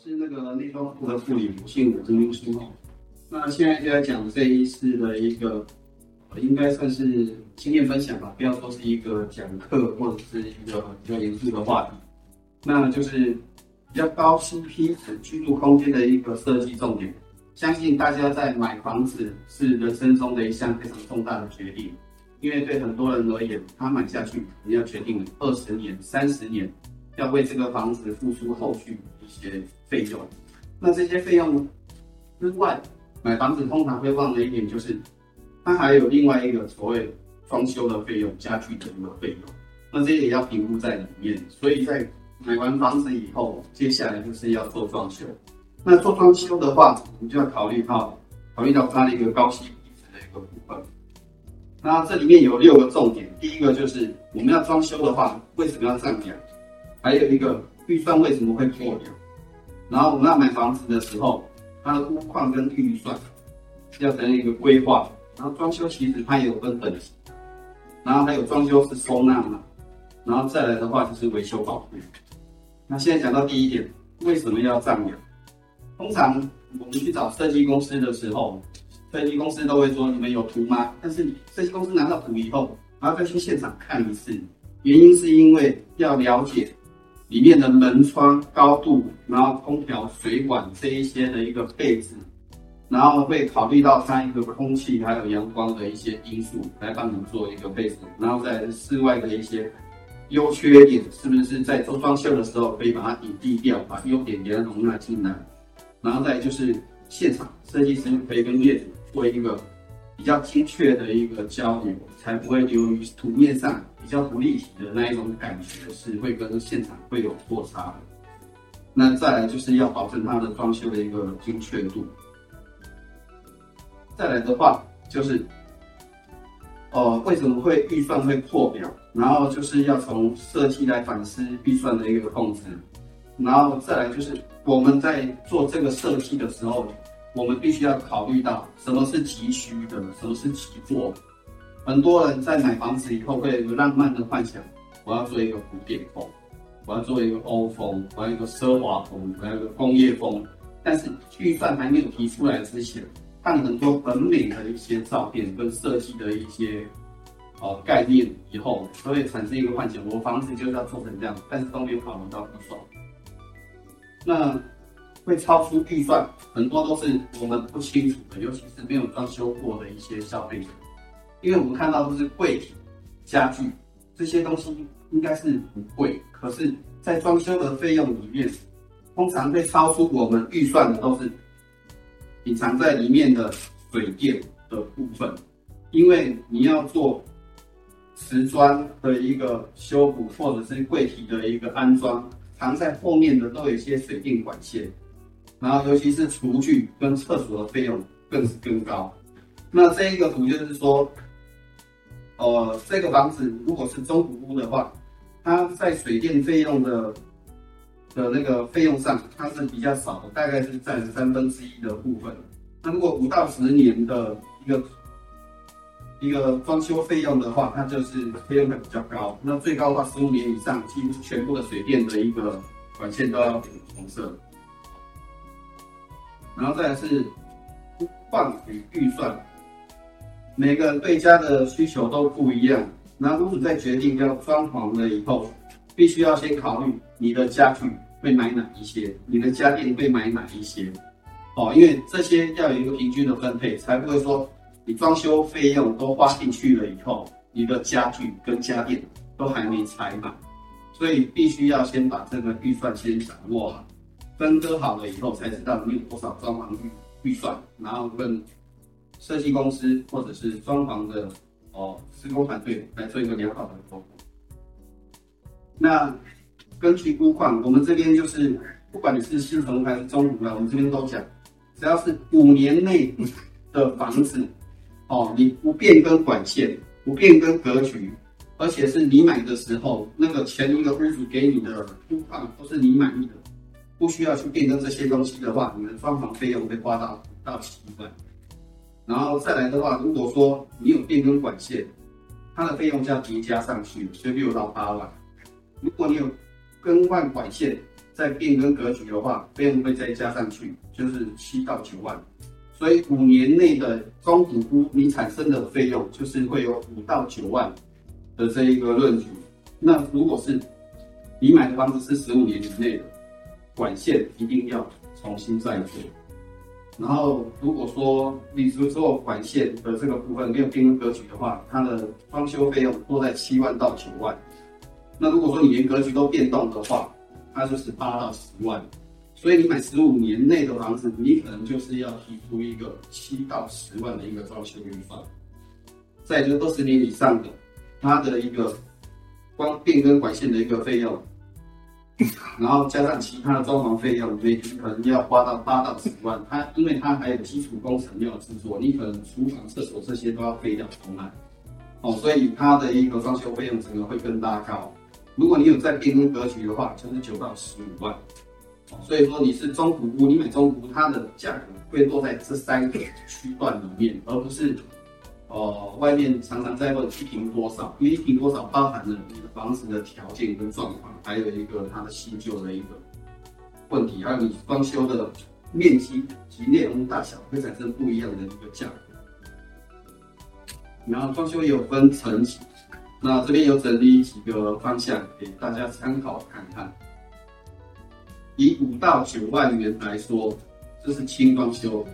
是那個內裝部的副理吳信武跟您說哦。那現在就要講這一次的一個，應該算是經驗分享吧，不要說是一個講課或者是一個比較嚴肅的話題，那就是比較高 CP 值居住空間的一個設計重點。相信大家在買房子是人生中的一項非常重大的決定，因為對很多人而言，他買下去你要決定二十年、三十年。要為這個房子付出後續一些費用，那這些費用呢，之外，買房子通常會忘了一點，就是它還有另外一個所謂裝修的費用、家具的一個費用，那這些也要評估在裡面。所以在買完房子以後，接下來就是要做裝修。那做裝修的話，你就要考慮到考慮到它的一個高 CP 值的一個部分。那這裡面有六個重點，第一個就是我們要裝修的話，為什麼要丈量？還有一個預算為什麼會破掉？然後我們要買房子的時候，它的屋況跟預算要做一個規劃。然後裝修其實它也有分等級，然後還有裝修是收納嘛，然後再來的話就是維修保固。那現在講到第一點，為什麼要丈量？通常我們去找設計公司的時候，設計公司都會說，你們有圖嗎？但是設計公司拿到圖以後，然後再去現場看一次，原因是因為要了解。裡面的門窗高度，然後空調、水管這一些的一個配置，然後會考慮到三個空氣還有陽光的一些因素來幫你做一個配置，然後在室外的一些優缺點，是不是在做裝修的時候可以把它隱蔽掉，把優點給它容納進來，然後再就是現場設計師可以跟業主做一個比較精確的一個交流，才不會流於圖面上。比較不立體的那一種感覺是會跟現場會有落差的。那再來就是要保證它的裝修的一個精確度。再來的話就是，哦，為什麼會預算會破表？然後就是要從設計來反思預算的一個控制，然後再來就是我們在做這個設計的時候，我們必須要考慮到什麼是急需的，什麼是急做。很多人在買房子以後會有一個浪漫的幻想，我要做一個古典風，我要做一個歐風，我要一個奢華風，我要一個工業風。但是預算還沒有提出來之前，看很多本領的一些照片跟設計的一些、呃、概念以後，都會產生一個幻想，我房子就是要做成這樣。但是都沒有考慮到預算。那會超出預算，很多都是我們不清楚的，尤其是沒有裝修過的一些消費者。因為我們看到都是櫃體、家具這些東西應該是不貴，可是，在裝修的費用裡面，通常會超出我們預算的都是隱藏在裡面的水電的部分。因為你要做瓷磚的一個修補，或者是櫃體的一個安裝，藏在後面的都有一些水電管線。然後，尤其是廚具跟廁所的費用更是更高。那這一個圖就是說。呃，這個房子如果是中古屋的話，它在水電費用的的那個費用上，它是比較少的，大概是佔三分之一的部分。那如果五到十年的一個一個裝修費用的話，它就是費用會比較高。那最高的話，十五年以上，幾乎全部的水電的一個管線都要紅色。然後再來是屋況與預算。每個人對家的需求都不一樣，那如果你在決定要裝潢了以後，必須要先考慮你的家具會買哪一些，你的家電會買哪一些。哦，因為這些要有一個平均的分配，才不會說你裝修費用都花進去了以後，你的家具跟家電都還沒拆滿，所以必須要先把這個預算先掌握好，分割好了以後才知道你有多少裝潢預預算，然後跟。設計公司或者是裝潢的哦，施工團隊來做一個良好的服務。哦、那根據屋況，我們這邊就是，不管你是新房還是中房了，我們這邊都講，只要是五年內的房子 哦，你不變更管線，不變更格局，而且是你買的時候那個前一個屋主給你的屋況都是你滿意的，不需要去變更這些東西的話，你的裝潢費用會掛花到不到十萬。然後再來的話，如果說你有變更管線，它的費用就要疊加上去，就六到八萬。如果你有更換管線，再變更格局的話，費用會再加上去，就是七到九萬。所以五年內的中古屋，你產生的費用就是會有五到九萬的這一個論據。那如果是你買的房子是十五年以內的，管線一定要重新再做。然後，如果說你是做管線的這個部分沒有變更格局的話，它的裝修費用都在七萬到九萬。那如果說你連格局都變動的話，它就是八到十萬。所以你買十五年內的房子，你可能就是要提出一個七到十萬的一個裝修預算。再就是二十年以上的，它的一個光變更管線的一個費用。然後加上其他的裝潢費用，你可能要花到八到十萬。它因為它還有基礎工程要制作，你可能廚房、廁所這些都要廢掉重來，哦，所以它的一個裝修費用整個會更大高。如果你有在變更格局的話，就是九到十五萬。哦，所以說你是中古屋，你買中古屋，它的價格會落在這三個區段裡面，而不是。哦，外面常常在問一平多少？一平多少包含了你的房子的條件跟狀況，還有一個它的新舊的一個問題，還有你裝修的面積及內容大小，會產生不一樣的一個價格。然後裝修也有分層級，那這邊有整理幾個方向給大家參考看看。以五到九萬元來說，這，就是輕裝修。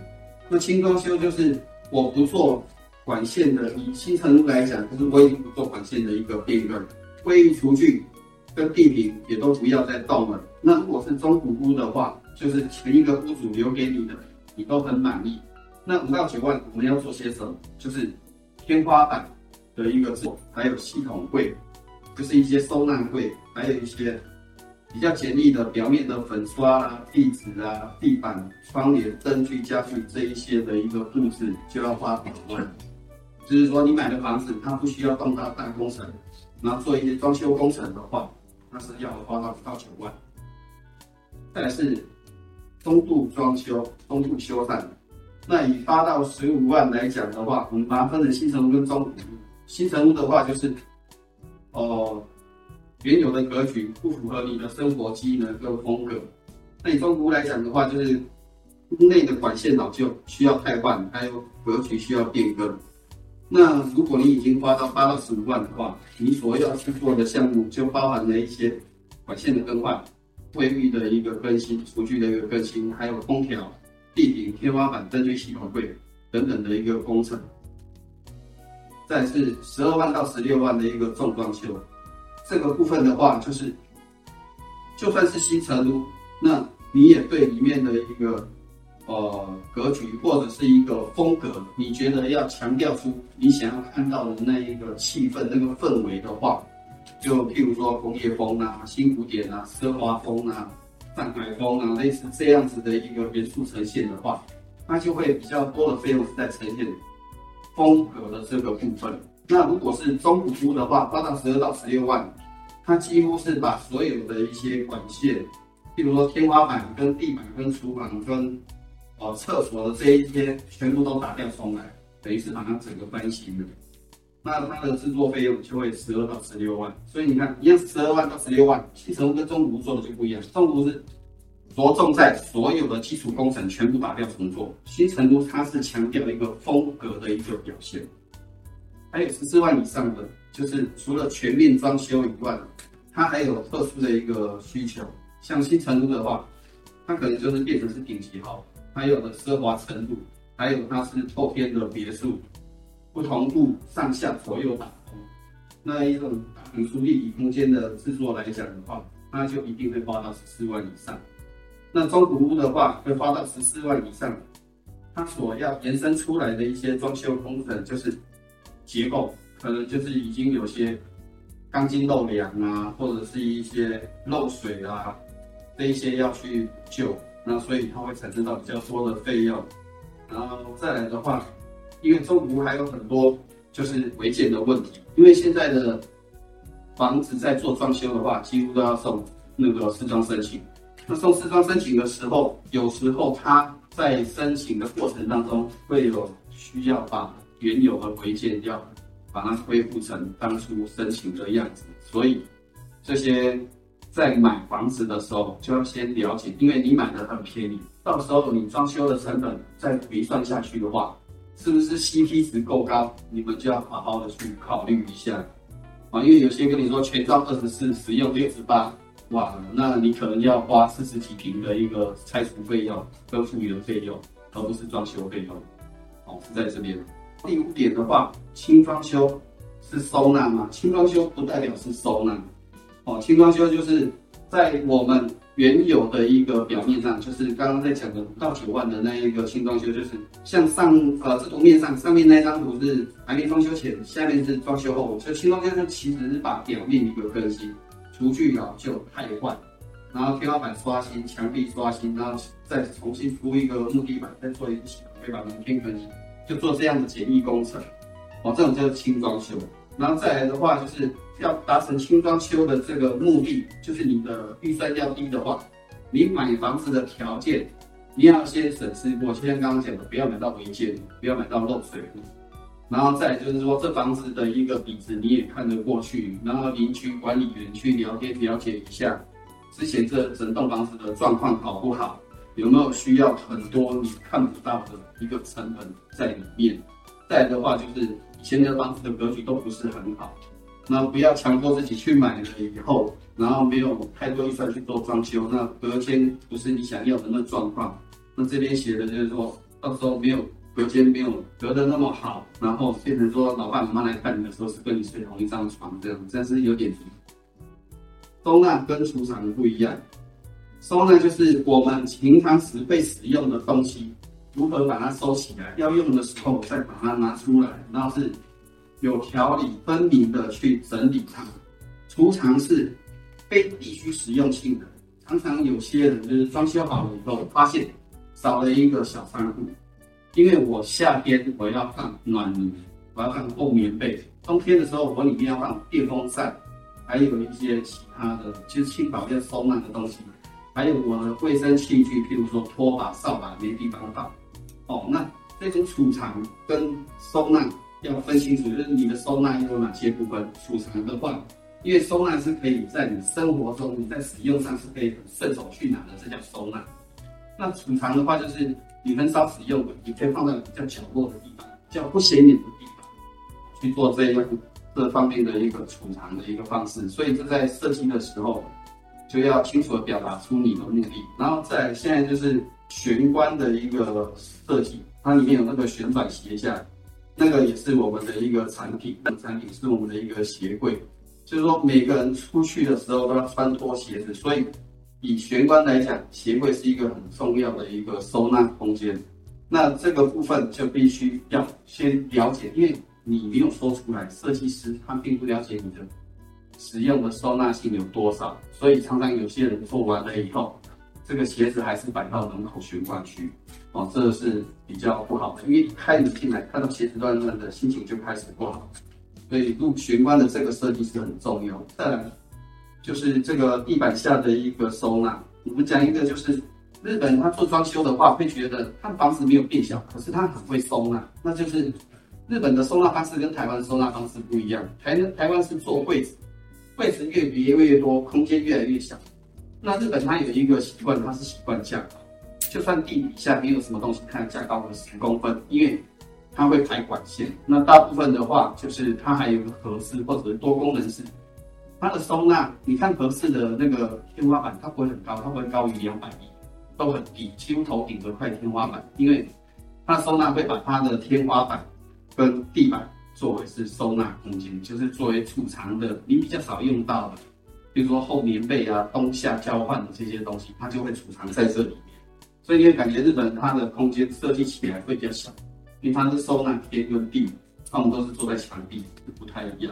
那輕裝修就是我不做。管線的以新成屋來講，可是我已經不做管線的一個變更。關於廚具跟地坪也都不要再動了。那如果是中古屋的話，就是前一個屋主留給你的，你都很滿意。那五到九萬我們要做些什麼？就是天花板的一個做，還有系統櫃，就是一些收納櫃，還有一些比較簡易的表面的粉刷啦、啊、壁紙啊、地板、窗簾、燈具、家具這一些的一個布置，就要花五萬。就是說，你買的房子，它不需要動它大、大工程，然後做一些裝修工程的話，那是要花到五到九萬。再來是中度裝修，中度修繕。那以八到十五萬來講的話，我們把它分成新成屋跟中古屋。新成屋的話就是，哦、呃，原有的格局不符合你的生活機能跟風格。那以中古屋來講的話，就是屋內的管線老舊，需要汰換，還有格局需要變更。那如果你已經花到八到十五萬的話，你所要去做的項目就包含了一些管線的更換、衛浴的一個更新、廚具的一個更新，還有空調、地坪、天花板、燈具系統櫃等等的一個工程。再是十二萬到十六萬的一個重裝修，這個部分的話，就是就算是新成屋，那你也對裡面的一個。呃，格局或者是一個風格，你覺得要強調出你想要看到的那一個氣氛、那個氛圍的話，就譬如說工業風啊、新古典啊、奢華風啊、上海風啊，類似這樣子的一個元素呈現的話，它就會比較多的費用是在呈現風格的這個部分。那如果是中古屋的話，八到十二到十六萬，它幾乎是把所有的一些管線，譬如說天花板、跟地板、跟廚房、跟哦，廁所的這一些，全部都打掉重來，等於是把它整個翻新了。那它的製作費用就會十二到十六萬。所以你看，一樣十二萬到十六萬，新成屋跟中古屋做的就不一樣。中古屋是着重在所有的基礎工程全部打掉重做，新成屋它是強調一個風格的一個表現。還有十四萬以上的，就是除了全面裝修以外，它還有特殊的一個需求。像新成屋的話，它可能就是變成是頂級號。還有的奢華程度，還有它是後邊的別墅，不同步上下左右打通，那一種很特殊立體空間的製作來講的話，那就一定會花到十四萬以上。那中古屋的話，會花到十四萬以上，它所要延伸出來的一些裝修工程，就是結構，可能就是已經有些鋼筋漏梁啊，或者是一些漏水啊，這一些要去救。那所以它會產生到比較多的費用，然後再來的話，因為中途還有很多就是違建的問題，因為現在的房子在做裝修的話，幾乎都要送那個室裝申請。那送室裝申請的時候，有時候他在申請的過程當中會有需要把原有的違建要把它恢復成當初申請的樣子，所以這些。在買房子的時候就要先了解，因為你買的很便宜，到時候你裝修的成本再回算下去的話，是不是 CP 值夠高？你們就要好好的去考慮一下啊，哦！因為有些跟你說全裝二十四，實用六十八，哇，那你可能要花四十幾坪的一個拆除費用跟復原費用，而不是裝修費用哦，是在這邊第五點的話，輕裝修是收納嗎？輕裝修不代表是收納。哦，輕裝修就是在我們原有的一個表面上，就是剛剛在講的五到九萬的那一個輕裝修，就是像上呃這圖面上上面那張圖是還沒裝修前，下面是裝修後，就輕裝修它其實是把表面一個更新，除去老舊它也換，然後天花板刷新，牆壁刷新，然後再重新鋪一個木地板，再做一層木地板的拼縫，就做這樣的簡易工程，哦，這種叫輕裝修，然後再來的話就是。要達成輕裝修的這個目的，就是你的預算要低的話，你買房子的條件，你要先審視。我就像剛剛講的，不要買到違建，不要買到漏水。然後再就是說，這房子的一個底子你也看得過去，然後鄰居管理員去了解了解一下，之前這整棟房子的狀況好不好，有沒有需要很多你看不到的一個成本在裡面。再的話，就是以前的房子的格局都不是很好。那不要強迫自己去買了以後，然後沒有太多預算去做裝修，那隔間不是你想要的那狀況。那這邊寫的就是說到時候沒有隔間，沒有隔得那麼好，然後變成說老爸老媽來看你的時候是跟你睡同一張床這樣，但是有點擠。收納跟儲藏不一樣，收納就是我們平常時被使用的東西，如何把它收起來，要用的時候再把它拿出來，然後是。有條理分明的去整理它，儲藏室非必須實用性的。常常有些人就是裝修好了以後，發現少了一個小倉庫，因為我夏天我要放暖爐，我要放厚棉被；冬天的時候我裡面要放電風扇，還有一些其他的，就是輕薄要收納的東西，還有我的衛生器具，譬如說拖把、掃把、棉皮、等等。哦，那這種儲藏跟收納，要分清楚，就是你的收納有哪些部分。儲藏的話，因為收納是可以在你生活中，你在使用上是可以很順手去拿的，這叫收納。那儲藏的話，就是你很少使用的，你可以放在比較角落的地方，比較不顯眼的地方去做這樣這方面的一個儲藏的一個方式。所以，這在設計的時候就要清楚的表達出你的目的。然後，在現在就是玄關的一個設計，它裡面有那個旋轉鞋架。那個也是我們的一個產品，產品是我們的一個鞋櫃，就是說每個人出去的時候都要穿脫鞋子，所以以玄關來講，鞋櫃是一個很重要的一個收納空間。那這個部分就必須要先了解，因為你沒有說出來，設計師他並不了解你的使用的收納性有多少，所以常常有些人做完了以後。這個鞋子還是擺到門口玄關區，哦，這是比較不好的，因為一開始進來看到鞋子亂亂的，心情就開始不好。所以入玄關的這個設計是很重要。再來，就是這個地板下的一個收納。我們講一個，就是日本他做裝修的話，會覺得他的房子沒有變小，可是他很會收納。那就是日本的收納方式跟台灣的收納方式不一樣。台台灣是做櫃子，櫃子越疊越多，空間越來越小。那日本它有一個習慣，它是習慣架，就算地底下沒有什麼東西，看，架高個十公分，因為它會排管線。那大部分的話，就是它還有一個和室或者是多功能室，它的收納，你看和室的那個天花板，它不會很高，它不會高於兩百米，都很低，幾乎頭頂都快天花板，因為它的收納會把它的天花板跟地板作為是收納空間，就是作為儲藏的，你比較少用到的。比如說厚棉被啊，冬夏交換的這些東西，它就會儲藏在這裡面，所以你會感覺日本它的空間設計起來會比較小，平常的收納天跟地，他們都是坐在牆壁，不太一樣。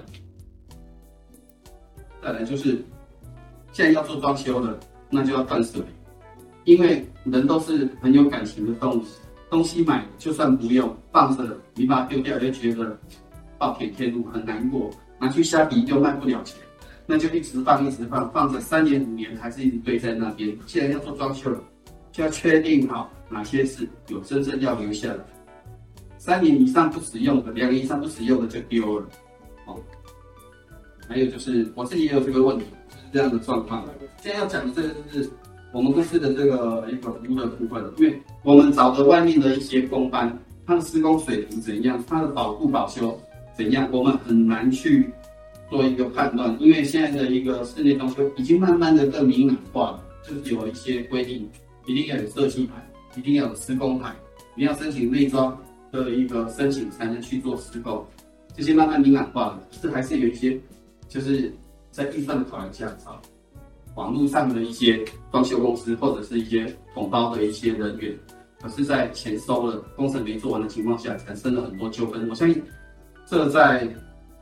再來就是，既然要做裝修了，那就要斷舍離，因為人都是很有感情的動物，東西買了就算不用，放着，你把它丟掉又覺得暴殄天物，很難過，拿去蝦皮又賣不了錢。那就一直放，一直放，放着三年五年，還是一直堆在那邊。既然要做裝修了，就要確定好哪些是有真正要留下的，三年以上不使用的，兩年以上不使用的就丟了。哦，還有就是我自己也有這個問題，就是這樣的狀況。現在要講的這個就是我們公司的這個一個服務的部分，因為我們找的外面的一些工班，他的施工水平怎樣，他的保護保修怎樣，我們很難去。做一個判斷，因為現在的一個室內裝修已經慢慢的更明朗化了，就是有一些規定，一定要有設計牌，一定要有施工牌，一定要申請內裝的一個申請才能去做施工，這些慢慢明朗化了。這還是有一些，就是在預算的考量下，找網絡上的一些裝修公司或者是一些統包的一些人員，可是，在錢收了，工程沒做完的情況下，產生了很多糾紛。我相信這在。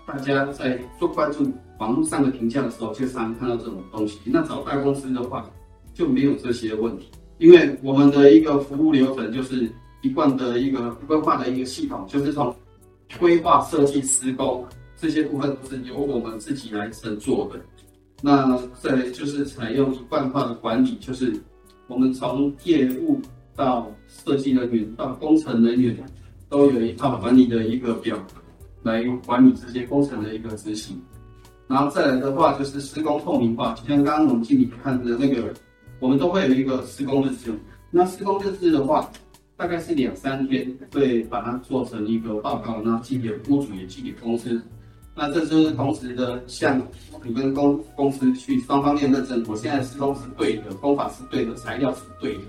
大家在做關注網絡上的評價的時候，經常看到這種東西。那找大公司的話就沒有這些問題，因為我們的一個服務流程就是一貫的一個規劃的一個系統，就是從規劃、設計、施工這些部分都是由我們自己來承做的。那再就是採用一貫化的管理，就是我們從業務到設計人員到工程人員，都有一套管理的一個表格。來管理這些工程的一個執行，然後再來的話就是施工透明化。就像剛剛我們經理看的那個，我們都會有一個施工日誌。那施工日誌的話，大概是兩三天會把它做成一個報告，然後寄給屋主也寄給公司。那這就是同時的，像你跟公公司去雙方面認證，我現在施工是對的，工法是對的，材料是對的，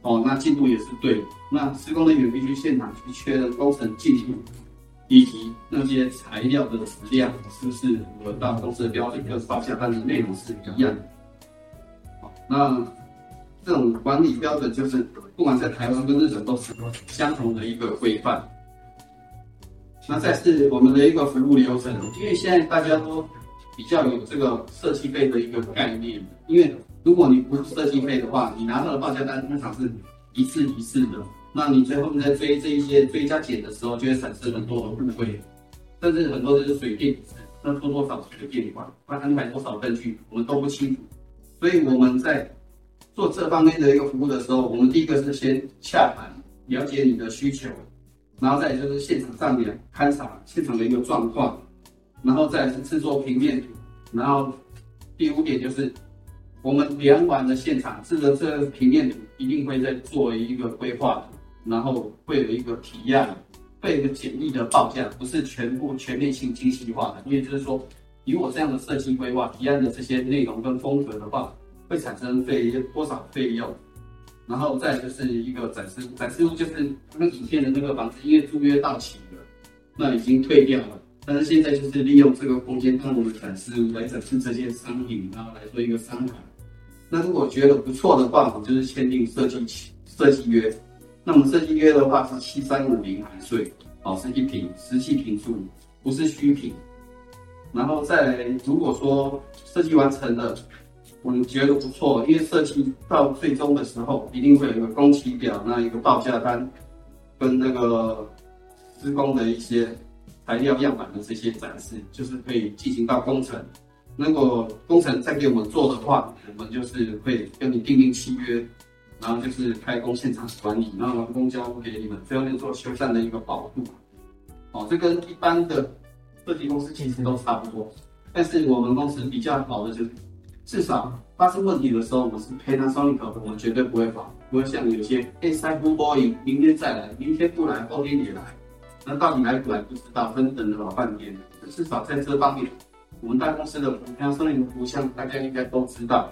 哦，那進度也是對的。那施工人員必須現場去確認工程進度。以及那些材料的質量是不是和大公司的標準跟報價單的內容是一樣的？那這種管理標準就是不管在台灣跟日本都是相同的一個規範。那再是我們的一個服務流程，因為現在大家都比較有這個設計費的一個概念，因為如果你不設計費的話，你拿到的報價單通常是一次一次的。那你最後面在追這一些追加減的時候，就會產生很多的誤會，甚至很多的是水電，那多多少少給你變，不然你買多少燈具，我們都不清楚。所以我們在做這方面的一個服務的時候，我們第一個是先洽談，了解你的需求，然後再就是現場丈量，勘察現場的一個狀況，然後再是製作平面圖，然後第五點就是我們量完的現場，製作這平面圖一定會再做一個規劃的。然後會有一個提案，會有一個簡易的報價，不是全部全面性精細化的。因為就是說，以我這樣的設計規劃提案的這些內容跟風格的話，會產生費用多少費用。然後再就是一個展示物，展示物就是剛以前的那個房子，因為租約到期了，那已經退掉了。但是現在就是利用這個空間，幫我們展示物來展示這些商品，然後來做一個商談。那如果覺得不錯的話，我就是簽訂設計設計約。那我們設計約的話是七三五零，含稅，哦，是一坪實際坪數，不是虛坪。然後再如果說設計完成了，我們覺得不錯，因為設計到最終的時候一定會有一個工期表，那一個報價單，跟那個施工的一些材料樣板的這些展示，就是可以進行到工程。如果工程再給我們做的話，我們就是會跟你訂定契約。然後就是開工現場管理，然後完工交付給你們，最後面做修繕的一個保護。哦，這跟一般的設計公司其實都差不多，但是我們公司比較好的就是，至少發生問題的時候，我是 Panasonic 客戶，我絕對不會跑，不會像有些哎，三不五時明天再來，明天不來，後天也來，那到底來不來不知道，真等了老半天。至少在這方面，我們大公司的 Panasonic 的服務大家應該都知道。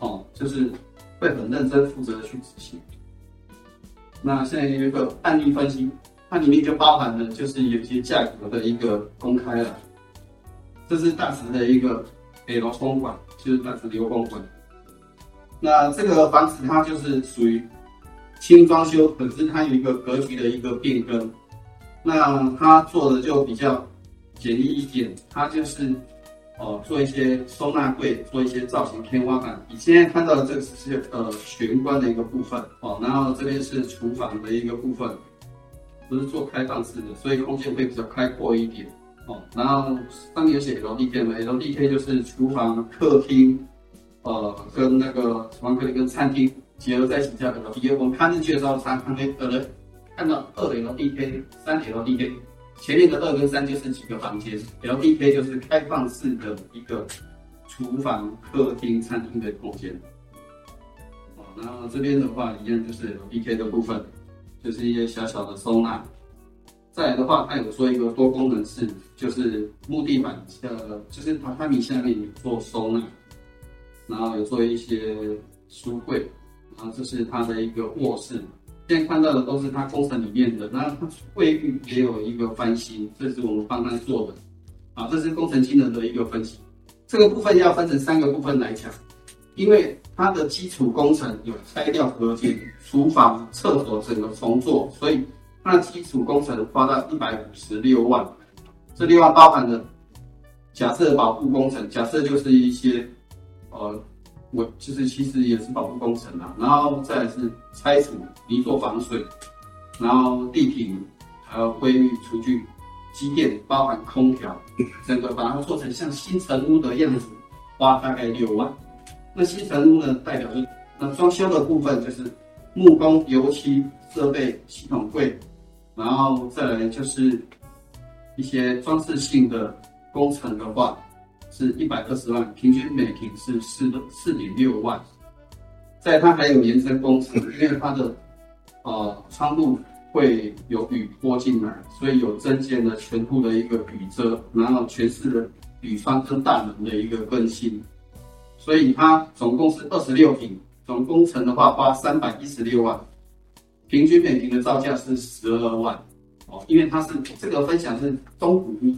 哦，就是。會很認真負責的去執行。那現在有一個案例分析，它裡面就包含了，就是有些價格的一個公開了。這是當時的一個北樓公館，就是當時劉公館。那這個房子它就是屬於輕裝修，本身它有一個格局的一個變更。那它做的就比較簡易一點，它就是。哦，做一些收納櫃，做一些造型天花板。你、啊、現在看到的這個是呃玄關的一個部分哦，然後這邊是廚房的一個部分，都是做開放式的，所以空間會比較開闊一點哦。然後上面有寫 LDK 嘛，LDK 就是廚房、客廳，呃，跟那個廚房可以跟餐廳結合在一起下來的。第二，我們看這介紹三看 A 客的，看到 2LDK 3LDK。前面的二跟三就是幾個房間，LDK 就是開放式的一個廚房、客廳、餐廳的空間。然後這邊的話一樣就是 LDK 的部分，就是一些小小的收納。再來的話，它有做一個多功能室，就是木地板的，就是榻榻米下面做收納，然後有做一些書櫃。然後這是它的一個臥室。現在看到的都是它工程裡面的，那衛浴也有一個翻新，這是我們幫他做的啊。這是工程金額的一個分析，這個部分要分成三個部分來講，因為它的基礎工程有拆掉隔間、廚房、廁所整個重做，所以它的基礎工程花了一百五十六萬，這六萬包含了假設保護工程，假設就是一些呃。我就是其實也是保護工程啦、啊，然後再來是拆除泥作防水，然後地坪，還有衛浴廚具、機電，包含空調，整個把它做成像新成屋的樣子，花大概六萬。那新成屋呢，代表就是、那裝修的部分就是木工、油漆、設備系統櫃，然後再來就是一些裝飾性的工程的話。是一百二十萬，平均每平是四四點六萬，在它還有延伸工程，因為它的呃窗戶會有雨潑進來，所以有增建了全部的一個雨遮，然後全室的鋁窗跟大門的一個更新，所以它總共是二十六平，總工程的話花三百一十六萬，平均每平的造價是十二萬哦，因為它是這個分享是中古屋。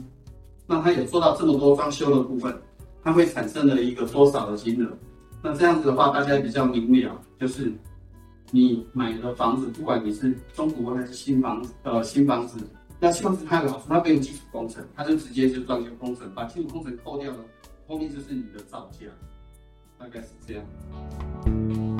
那它也做到這麼多裝修的部分，它會產生了一個多少的金額？嗯、那這樣子的話，大家比較明了，就是你買了房子，不管你是中古還是新房子，呃，新房子，那新房子它有它不用基礎工程，它就直接就裝修工程，把基礎工程扣掉了，後面就是你的造價，大概是這樣。